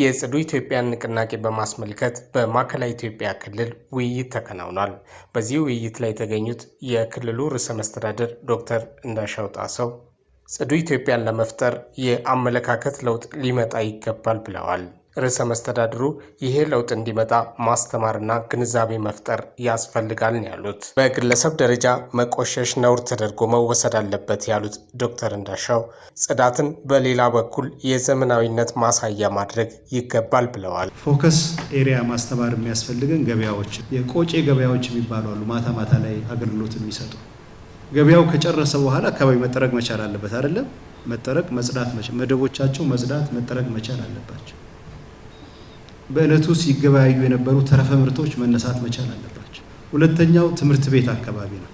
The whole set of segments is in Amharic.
የጽዱ ኢትዮጵያን ንቅናቄ በማስመልከት በማዕከላዊ ኢትዮጵያ ክልል ውይይት ተከናውኗል። በዚህ ውይይት ላይ የተገኙት የክልሉ ርዕሰ መስተዳደር ዶክተር እንዳሻው ጣሰው ጽዱ ኢትዮጵያን ለመፍጠር የአመለካከት ለውጥ ሊመጣ ይገባል ብለዋል። ርዕሰ መስተዳድሩ ይሄ ለውጥ እንዲመጣ ማስተማርና ግንዛቤ መፍጠር ያስፈልጋል ነው ያሉት። በግለሰብ ደረጃ መቆሸሽ ነውር ተደርጎ መወሰድ አለበት ያሉት ዶክተር እንዳሻው ጽዳትን በሌላ በኩል የዘመናዊነት ማሳያ ማድረግ ይገባል ብለዋል። ፎከስ ኤሪያ ማስተማር የሚያስፈልገን ገበያዎች፣ የቆጬ ገበያዎች የሚባሉ አሉ። ማታ ማታ ላይ አገልግሎት የሚሰጡ ገበያው ከጨረሰ በኋላ አካባቢ መጠረቅ መቻል አለበት አይደለም። መጠረቅ መጽዳት፣ መደቦቻቸው መጽዳት፣ መጠረቅ መቻል አለባቸው። በእለቱ ሲገበያዩ የነበሩ ተረፈ ምርቶች መነሳት መቻል አለባቸው። ሁለተኛው ትምህርት ቤት አካባቢ ነው፣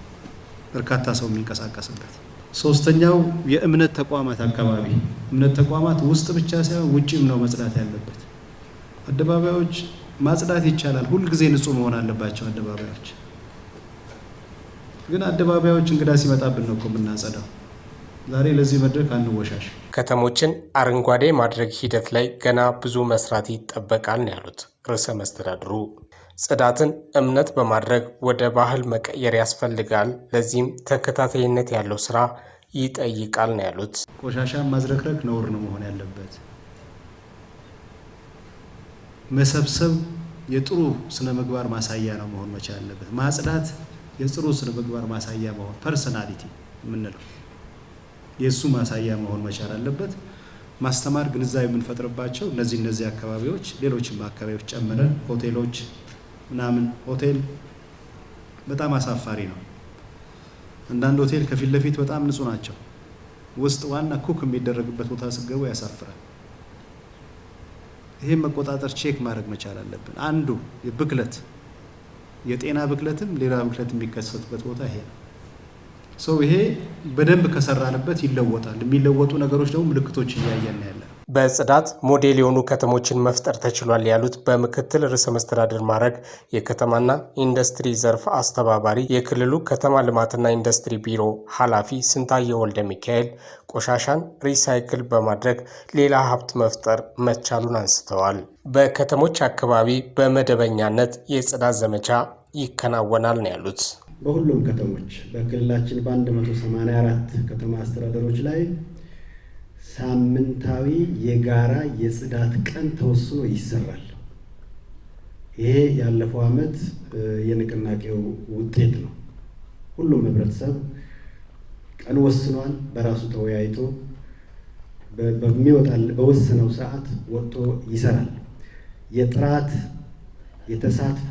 በርካታ ሰው የሚንቀሳቀስበት። ሶስተኛው የእምነት ተቋማት አካባቢ፣ እምነት ተቋማት ውስጥ ብቻ ሳይሆን ውጭም ነው መጽዳት ያለበት። አደባባዮች ማጽዳት ይቻላል፣ ሁልጊዜ ንጹህ መሆን አለባቸው አደባባዮች። ግን አደባባዮች እንግዳ ሲመጣብን ነው እኮ የምናጸዳው። ዛሬ ለዚህ መድረክ አንወሻሽ። ከተሞችን አረንጓዴ ማድረግ ሂደት ላይ ገና ብዙ መስራት ይጠበቃል ነው ያሉት ርዕሰ መስተዳድሩ። ጽዳትን እምነት በማድረግ ወደ ባህል መቀየር ያስፈልጋል። ለዚህም ተከታታይነት ያለው ስራ ይጠይቃል ነው ያሉት። ቆሻሻ ማዝረክረክ ነውር ነው መሆን ያለበት። መሰብሰብ የጥሩ ስነ ምግባር ማሳያ ነው መሆን መቻል ያለበት። ማጽዳት የጥሩ ስነ ምግባር ማሳያ መሆን ፐርሰናሊቲ የምንለው የእሱ ማሳያ መሆን መቻል አለበት። ማስተማር፣ ግንዛቤ የምንፈጥርባቸው እነዚህ እነዚህ አካባቢዎች ሌሎችም አካባቢዎች ጨምረን ሆቴሎች ምናምን ሆቴል በጣም አሳፋሪ ነው። አንዳንድ ሆቴል ከፊት ለፊት በጣም ንጹህ ናቸው። ውስጥ ዋና ኩክ የሚደረግበት ቦታ ስገቡ ያሳፍራል። ይህም መቆጣጠር ቼክ ማድረግ መቻል አለብን። አንዱ ብክለት የጤና ብክለትም ሌላ ብክለት የሚከሰትበት ቦታ ይሄ ነው። ሰው ይሄ በደንብ ከሰራንበት ይለወጣል። የሚለወጡ ነገሮች ደግሞ ምልክቶች እያየን ያለ በጽዳት ሞዴል የሆኑ ከተሞችን መፍጠር ተችሏል ያሉት በምክትል ርዕሰ መስተዳድር ማዕረግ የከተማና ኢንዱስትሪ ዘርፍ አስተባባሪ የክልሉ ከተማ ልማትና ኢንዱስትሪ ቢሮ ኃላፊ ስንታየሁ ወልደ ሚካኤል ቆሻሻን ሪሳይክል በማድረግ ሌላ ሀብት መፍጠር መቻሉን አንስተዋል። በከተሞች አካባቢ በመደበኛነት የጽዳት ዘመቻ ይከናወናል ነው ያሉት። በሁሉም ከተሞች በክልላችን በ184 ከተማ አስተዳደሮች ላይ ሳምንታዊ የጋራ የጽዳት ቀን ተወስኖ ይሰራል። ይሄ ያለፈው ዓመት የንቅናቄው ውጤት ነው። ሁሉም ህብረተሰብ ቀን ወስኗል። በራሱ ተወያይቶ በሚወጣል በወሰነው ሰዓት ወጥቶ ይሰራል። የጥራት የተሳትፎ፣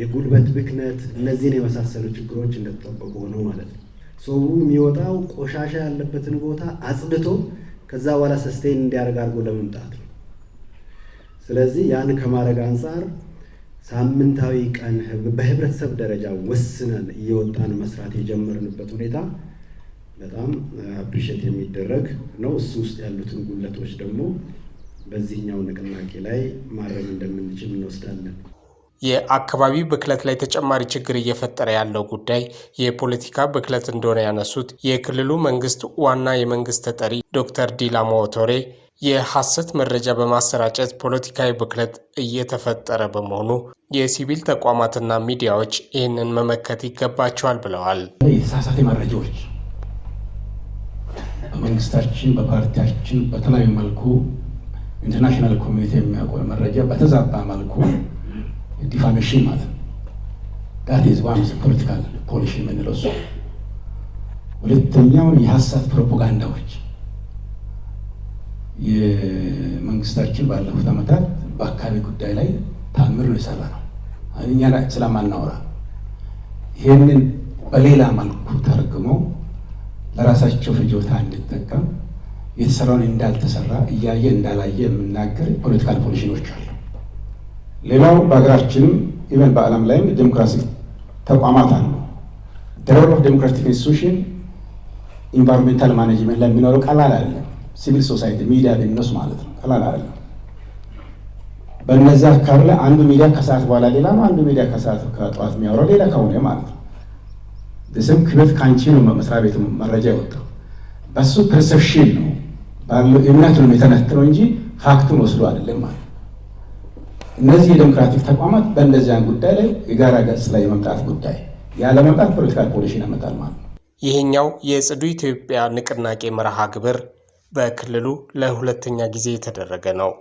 የጉልበት ብክነት እነዚህን የመሳሰሉ ችግሮች እንደተጠበቁ ሆነው ማለት ነው። ሰው የሚወጣው ቆሻሻ ያለበትን ቦታ አጽድቶ ከዛ በኋላ ሰስቴን እንዲያደርግ አድርጎ ለመምጣት ነው። ስለዚህ ያን ከማድረግ አንጻር ሳምንታዊ ቀን በህብረተሰብ ደረጃ ወስነን እየወጣን መስራት የጀመርንበት ሁኔታ በጣም አፕሪሼት የሚደረግ ነው። እሱ ውስጥ ያሉትን ጉለቶች ደግሞ በዚህኛው ንቅናቄ ላይ ማድረግ እንደምንችል እንወስዳለን። የአካባቢ ብክለት ላይ ተጨማሪ ችግር እየፈጠረ ያለው ጉዳይ የፖለቲካ ብክለት እንደሆነ ያነሱት የክልሉ መንግስት ዋና የመንግስት ተጠሪ ዶክተር ዲላሞ ኦቶሬ የሐሰት መረጃ በማሰራጨት ፖለቲካዊ ብክለት እየተፈጠረ በመሆኑ የሲቪል ተቋማትና ሚዲያዎች ይህንን መመከት ይገባቸዋል ብለዋል። የተሳሳተ መረጃዎች በመንግስታችን፣ በፓርቲያችን በተለያዩ መልኩ ኢንተርናሽናል ኮሚኒቲ የሚያውቀውን መረጃ በተዛባ መልኩ ዲፋሜሽን ማለት ነው። ዳት ኢዝ ዋን ፖለቲካል ኮሊሽን የምንለው እሱ። ሁለተኛው የሀሳት ፕሮፓጋንዳዎች የመንግስታችን ባለፉት ዓመታት በአካባቢ ጉዳይ ላይ ታምር ነው የሰራ ነው። እኛ ስለማናወራ ይህንን በሌላ መልኩ ተርግሞ ለራሳቸው ፍጆታ እንድጠቀም የተሰራውን እንዳልተሰራ እያየ እንዳላየ የምናገር ፖለቲካል ፖሊሽኖች አሉ። ሌላው በሀገራችንም ኢቨን በዓለም ላይም ዴሞክራሲ ተቋማት አሉ። ደረር ኦፍ ዴሞክራቲክ ኢንስቲቱሽን ኢንቫይሮንሜንታል ማኔጅመንት ላይ የሚኖረው ቀላል አለ። ሲቪል ሶሳይቲ ሚዲያ ቢኖስ ማለት ነው ቀላል አለ። በእነዚህ አካባቢ ላይ አንዱ ሚዲያ ከሰዓት በኋላ ሌላ ነው፣ አንዱ ሚዲያ ከሰዓት ከጠዋት የሚያወራው ሌላ ከሆነ ማለት ነው። ስም ክበት ከአንቺ ነው መስሪያ ቤት መረጃ የወጣው በሱ ፐርሰፕሽን ነው ባለው እምነት ነው የተነትነው እንጂ ፋክቱን ወስዶ አይደለም ማለት እነዚህ የዴሞክራቲክ ተቋማት በእነዚያን ጉዳይ ላይ የጋራ ገጽ ላይ የመምጣት ጉዳይ ያለመምጣት ፖለቲካል ፖሊሽን ያመጣል ማለት ነው። ይህኛው የጽዱ ኢትዮጵያ ንቅናቄ መርሃ ግብር በክልሉ ለሁለተኛ ጊዜ የተደረገ ነው።